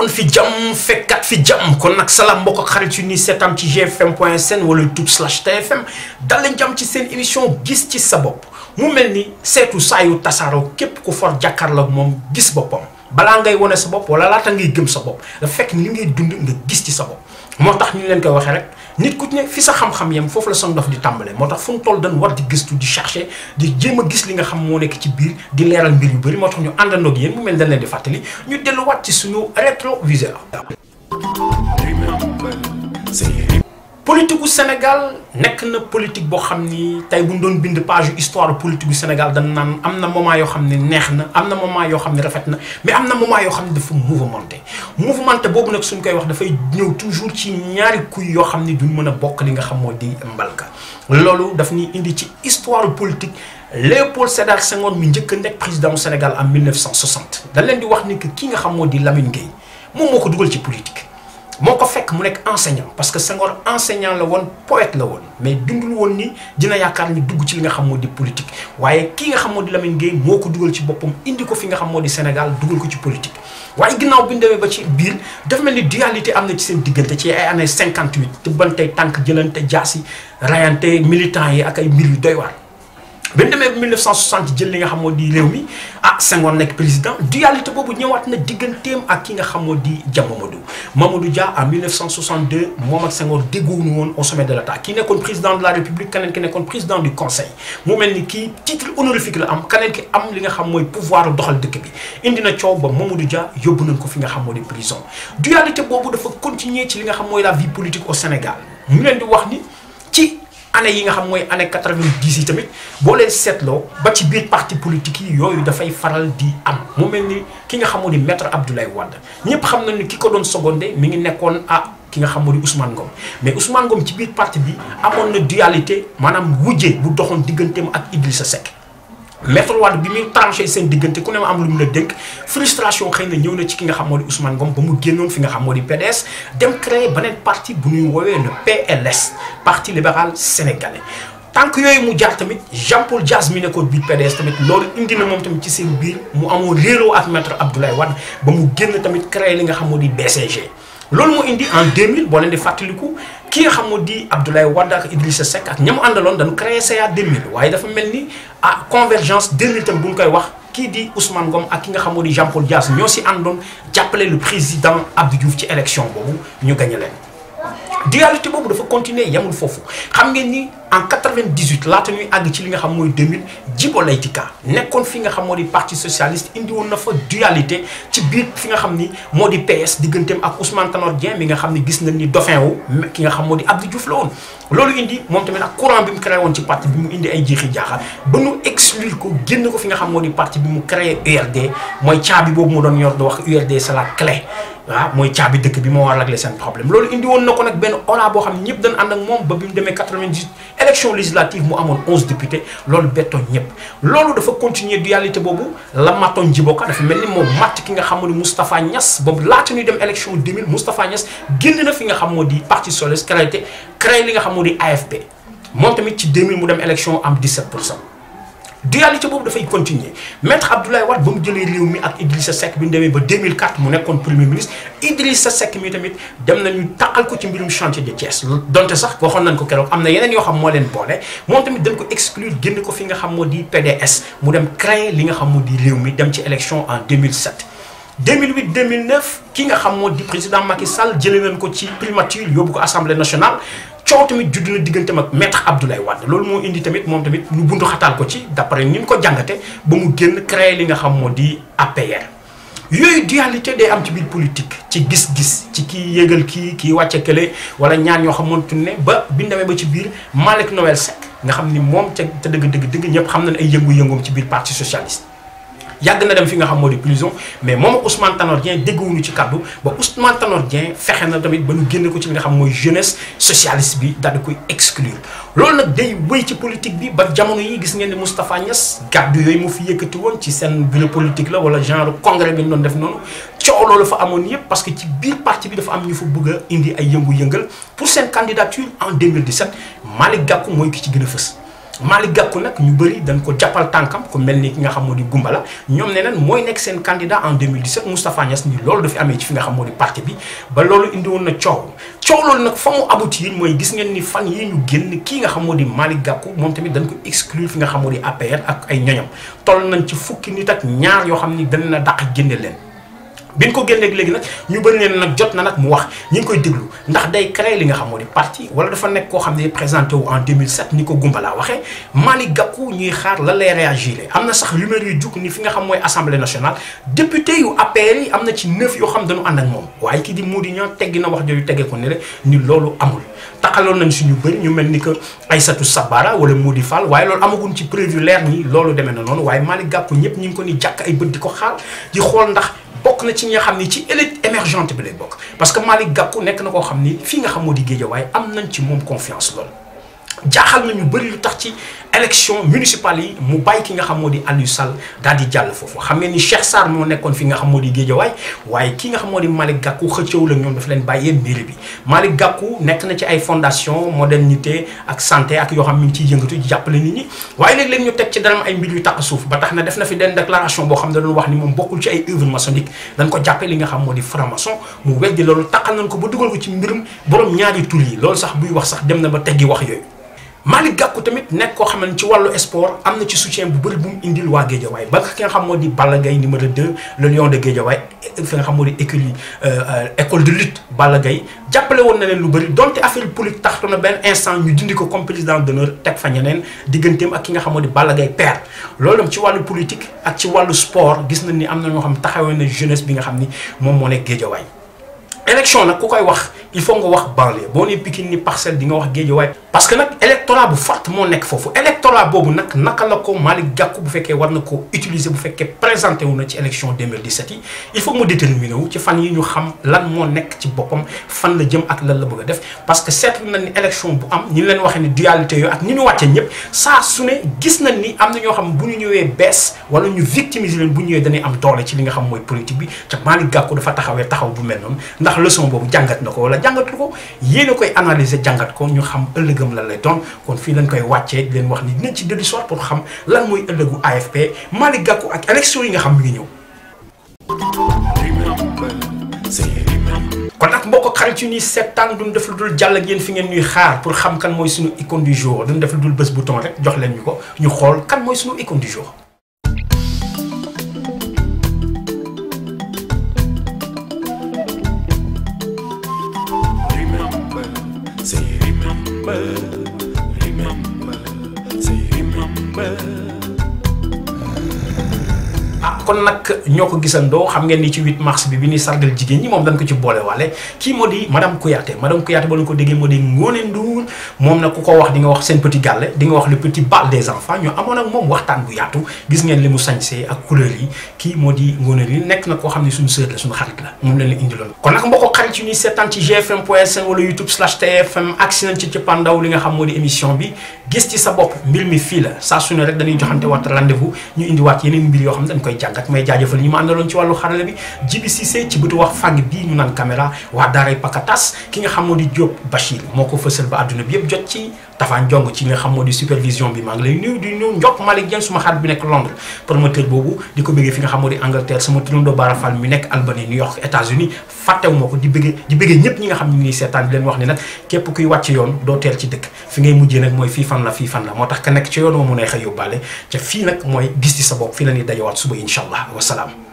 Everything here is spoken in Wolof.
woon fi jàmm fekkat fi jàmm kon nag salaam mbokk ak xarit yu ni seetam ci gfm point sn wala youtube slash tfm dal leen jàmm ci seen émission gis ci sa bopp mu mel ni seetu saa yu tasaaroo képp ku for jàkkaarloog moom gis boppam balaa ngay wone sa bopp wala laata ngay gëm sa bopp nga fekk ni li ngay dund nga gis ci sa bopp moo tax ñu leen koy waxee rek nit ku ne fi sa xam-xam yem foofu la sa ndox di tàmbalee moo tax fu mu toll dañ war di gëstu di chercher di jëm a gis li nga xam moo nekk ci biir di leeral mbir yu bëri moo tax ñu àndandoo ak yéen mu mel dañ leen di fàttali ñu delluwaat ci suñu rétroviseur. politique gu Sénégal nekk na politique boo xam ni tey bu ñu doon bind page histoire politique gu Sénégal dañ naan am na moment yoo xam ne neex na am na moment yoo xam ne rafet na mais am na moment yoo xam ne dafa mouvementé mouvementé boobu nag suñ koy wax dafay ñëw toujours ci ñaari kuy yoo xam ni duñ mën a bokk li nga xam moo di mbalka loolu daf ñuy indi ci histoire politique Léopold Sédar Senghor mi njëkk a nekk président Sénégal en 1960 dañ leen di wax ni que ki nga xam moo di Lamine Gueye moom moo ko dugal ci politique. moo ko fekk mu nekk enseignant parce que Senghor enseignant la woon poète la woon mais dundul woon ni dina yaakaar ni dugg ci li nga xam moo di politique waaye kii nga xam moo di Lamine Gueye moo ko dugal ci boppam indi ko fi nga xam moo di Sénégal dugal ko ci politique waaye ginnaaw bi ñu ba ci biir dafa mel ni dualité am na ci seen diggante ci ay années 58 tëbbante tànk jëlante jaasi rayante militant yi ak ay mbir yu doy waar bi ñu demee ba 1960 jël li nga xam moo di réew mi ah Senghor nekk président dualité boobu ñëwaat na digganteem ak ki nga xam moo di Dia Mamadou Mamadou Dia en 1962 moom ak Senghor déggoowuñu woon au sommet de l'État ki nekkoon président de la République keneen ki nekkoon président du conseil mu mel ni kii titre honorifique la am keneen ki am li nga xam mooy pouvoir doxal dëkk bi indi na coow ba Mamadou Dia yóbbu nañ ko fi nga xam moo di prison dualité boobu dafa continuer ci li nga xam mooy la vie politique au Sénégal ñu année yi nga xam mooy année quatre-vingt-dix yi tamit boo leen seetloo ba ci biir parti politique yi yooyu dafay faral di am mu mel ni ki nga xamu ni maître Abdoulaye Wade ñëpp xam na ni ki ko doon secondé mi ngi nekkoon ah ki nga xamu ni Ousmane Ngom mais Ousmane Ngom ci biir parti bi amoon na dualité maanaam wujje bu doxoon digganteem ak Idrissa Seck maître Wade bi muy tranché seen diggante ku ne ma am lu mu la dénk frustration xëy na ñëw na ci ki nga xam moo di Ousmane Ngom ba mu génnoon fi nga xam moo di PDS dem créer beneen parti bu ñuy woowee le PLS parti libéral sénégalais. tànk yooyu mu jaar tamit Jean Paul Dias mi nekkoon biir PDS tamit loolu indi na moom tamit ci seen biir mu amoo réeroo ak maître Abdoulaye Wade ba mu génn tamit créer li nga xam moo di BCG. loolu moo indi en 2000 boo leen di fàttaliku. ki nga xam moo di Abdoulaye Wade ak Idrissa Seck ak ña mu àndaloon dañu créé CA 2000 waaye dafa mel ni ah convergence 2000 tam bu ñu koy wax kii di Ousmane Ngom ak ki nga xam moo di Jean Paul Dias ñoo si àndoon jàppale le président Abdou Diouf ci élection boobu ñu gagné leen. dualité boobu dafa continuer yamul foofu xam ngeen ni en 98 laata ñuy àgg ci li nga xam mooy 2000 Djibo Leyti Ka nekkoon fi nga xam moo di parti socialiste indi woon na fa duyalité ci biir fi nga xam ni moo di PS digganteem ak Ousmane Tanor Dieng mi nga xam ni gis nañ ni dauphin wu ki nga xam moo di Abdou Diouf la woon. loolu indi moom tamit ak courant bi mu créé woon ci parti bi mu indi ay jeexi jaaxa ba ñu exclure ko génn ko fi nga xam moo di parti bi mu créé URD mooy caabi boobu mu doon yor di wax URD c'est la clé. waa ah, mooy caabi dëkk bi moo war a régler seen problème loolu indi woon na ko nag benn ola boo xam ne ñëpp dañ ànd ak moom ba bi mu demee 98 élection législative mu amoon 11 loolu bettoon ñëpp loolu dafa continuer dualité boobu la mattoon jiboka dafa mel ni moom matt ki nga xam ne Moustapha Niass ba laata ñuy dem élection 2000 Moustapha Niass génn na fi nga xam moo di parti socialiste créé créé li nga xam moo di AFP moom tamit ci mu dem élection am 17 pour cent dualité boobu dafay continuer maître Abdoulaye Wade ba mu jëlee réew mi ak Idrissa Seck bi ñu demee ba 2004 mu nekkoon premier ministre Idrissa Seck mi tamit dem nañu taqal ko ci mbirum chantier de Thiès donte sax waxoon nañ ko keroog am na yeneen yoo xam moo leen boole moom tamit dañ ko exclure génn ko fi nga xam moo di PDS mu dem créer li nga xam moo di réew mi dem ci élection en 2007 2008 2009 ki nga xam moo di président Macky Sall jëlee nañ ko ci primature yóbbu ko coow tamit judd na digganteem ak maître Abdoulaye Wade loolu moo indi tamit moom tamit ñu buntu xataal ko ci d'après ni ñu ko jàngate ba mu génn créer li nga xam moo di APR yooyu dualité day am ci biir politique ci gis-gis ci kii yégal kii kii wàcce kële wala ñaar ñoo xamante ne ba bi ñu ba ci biir Malick Noël Seck nga xam ni moom ca te dëgg dëgg dëgg ñëpp xam na nañ ay yëngu-yëngoom ci biir parti socialiste yàgg na dem fi nga xam moo di prison mais moom ak Ousmane Tanor Dieng dégguwuñu ci kaddu ba Ousmane Tanor Dieng fexe na tamit ba ñu génne ko ci nga xam mooy jeunesse socialiste bi daal di koy exclure loolu nag day wéy ci politique bi ba jamono yi gis ngeen ne Moustapha Niass kaddu yooyu mu fi yëkkati woon ci seen bureau politique la wala genre congrès bi ñu def noonu coow loolu fa amoon yëpp parce que ci biir parti bi dafa am ñu fa bëgg indi ay yëngu-yëngal pour seen candidature en 2017 ki ci gën Malick Gakou nag ñu bëri dañ ko jàppal tànkam ku mel ni ki nga xam moo di Goumbala ñoom ne neen mooy nekk seen candidat en 2017 Moustapha Niass ni loolu dafi amee ci fi nga xam moo di parti bi ba loolu indi woon na coow coow loolu nag fa mu aboutir mooy gis ngeen ni fan yi ñu génn kii nga xam moo di Malick Gakou moom tamit dañ ko exclure fi nga xam moo di APR ak ay ñoñam toll nañ ci fukki nit ak ñaar yoo xam ni dañ na dàq génne leen bi ñu ko génneeg léegi nag ñu bëri neen nag jot na nag mu wax ñu ngi koy déglu ndax day créer li nga xam moo di parti wala dafa nekk koo xam ne présenté wu en 2007 ni ko Goumbala waxee Malick Gakou ñuy xaar la lay réagir am na sax rumeur yu jug ni fi nga xam mooy assemblée nationale député yu APR yi am na ci neuf yoo xam dañu ànd ak moom waaye kii di Mody Niang teggi na wax jooju tegee ko rek loolu amul taxaloon nañ ñu bëri ñu mel ni que Aïssatou Sabara wala Mody Fall waaye loolu amaguñ ci prévu leer ni loolu deme na noonu waaye Malick Gakou ñëpp ñu ngi ko ni jàkk ay bët di ko xaar di xool ndax bokk na ci ñi nga xam ni ci élite émergente bi lay bokk parce que Malick Gakou nekk na koo xam ni fii nga xam moo di Guédiawaye am nañ ci moom confiance lool jaaxal ñu bëri lu tax ci élection municipale yi mu bàyyi ki nga xam moo di Aliou sal daal di jàll foofu xam ngeen ni Cheikh Sarr moo nekkoon fi nga xam moo di Guédiawaye waaye ki nga xam moo di Malick Gakou xëccëw la ñoom dafa leen bàyyee mairie bi Malick Gakou nekk na ci ay fondation modernité ak santé ak yoo xam mi ngi ciy yëngatu jàppale nit ñi waaye léeg-léeg ñu teg ci daram ay mbir yu taq suuf ba tax na def na fi den déclaration boo xam ne doon wax ni moom bokkul ci ay œuvre maçonnique dañ ko li nga xam moo di franc-maçon mu weddi loolu taqal nañ ko ba dugal ko ci mbirum borom ñaari tur yi loolu sax buy wax sax dem na ba teggi wax yooyu Malick Gakou tamit nekk koo xam ne ci wàllu sport am na ci soutien bu bëri bu indi indil waa Guédiawaye ba ki nga xam moo di Balla Gaye numéro 2 le lion de Guédiawaye fi nga xam moo di école euh, école de lutte Balla Gaye jàppale woon na leen lu bëri donte affaire politique taxtu na benn instant ñu dindi ko comme président d'honneur teg fa ñeneen digganteem ak ki nga xam moo di Balla Gaye père loolu ci wàllu politique ak ci wàllu sport gis nañ ni am na ñoo xam taxawee na jeunesse bi nga xam ni moom moo nekk Guédiawaye élection nag ku koy wax il faut nga wax banlieue boo nee Pikine ni parcelle di nga wax Guédiawaye parce que nag électorat bu forte moo nekk foofu mentorat boobu nag naka la ko Malick Gakou bu fekkee war na ko utiliser bu fekkee présenté wu na ci élection 2017 yi il faut mu déterminer wu ci fan yi ñu xam lan moo nekk ci boppam fan la jëm ak lan la bëgg def parce que seetlu na ni bu am ñi leen waxee ni dualité yooyu ak ñi ñëpp gis nañ ni am na ñoo xam bu ñu ñëwee bees wala ñu victimiser leen bu ñu ñëwee dañuy am doole ci li nga xam mooy politique bi te Malick Gakou dafa taxawee taxaw bu mel noonu ndax leçon boobu jàngat na ko wala jàngatul ko yéen a koy analyser jàngat ko ñu xam ëllëgam lan lay doon kon fii lañ koy wàccee leen wax ni dinañ ci dellu soir pour xam lan mooy ëllëgu AFP Malick Gakou ak élection yi nga xam mi ngi ñëw. kon nag mbokk xarit yu ñuy seetaan duñ def lu dul jàll ak yéen fi ngeen ñuy xaar pour xam kan mooy suñu icône du jour duñ lu dul bés bu ton rek jox leen ñu ko ñu xool kan mooy suñu icône du jour. kon nag ñoo ko gisandoo xam ngeen ni ci 8 mars bi bi ñuy sargal jigéen ñi moom dañ ko ci boole waale kii moo di madame ko déggee moo di Ngoné Ndour moom nag ku ko wax di nga wax seen petit gàlle di nga wax le petit bal des enfants ñoo amoon ak moom waxtaan bu yaatu gis ngeen li mu sañsee ak couleur yi kii moo di Ngoné Ndour nekk na koo xam ne suñu sœur la suñu xarit la moom leen la indiloon kon nag mbokk xarit yu ñuy seetaan ci gfm point sn wala youtube tfm agsi li nga xam moo émission bi gis ci sa bopp mbir mi fii la saa su rek dañuy joxante waat rendez-vous ñu indiwaat yeneen mbir yoo xam ne dañ koy jàngat may jaajëfal ñi ma àndaloon ci wàllu xarale bi Jibi ci bëtu wax fàgg bii ñu naan caméra waa daaray Pakatas ki nga xam moo di Diop Bachir moo ko fësal ba àdduna bi yëpp jot ci Tafa Njong ci nga xam moo di supervision bi maa ngi lay nuyu di nuyu Ndiok Malick suma xarit bi nekk Londres promoteur boobu di ko bëggee fi nga ma ko di bëggee di bëggee ñëpp ñi nga xam ne ñi seetaan di leen wax ne nag képp kuy wàcc fan la fii fan la moo tax ka nekk ci yoon wa a yóbbaale ca fii nag mooy gis ci sa bopp fii la ñuy dajawaat suba incha allah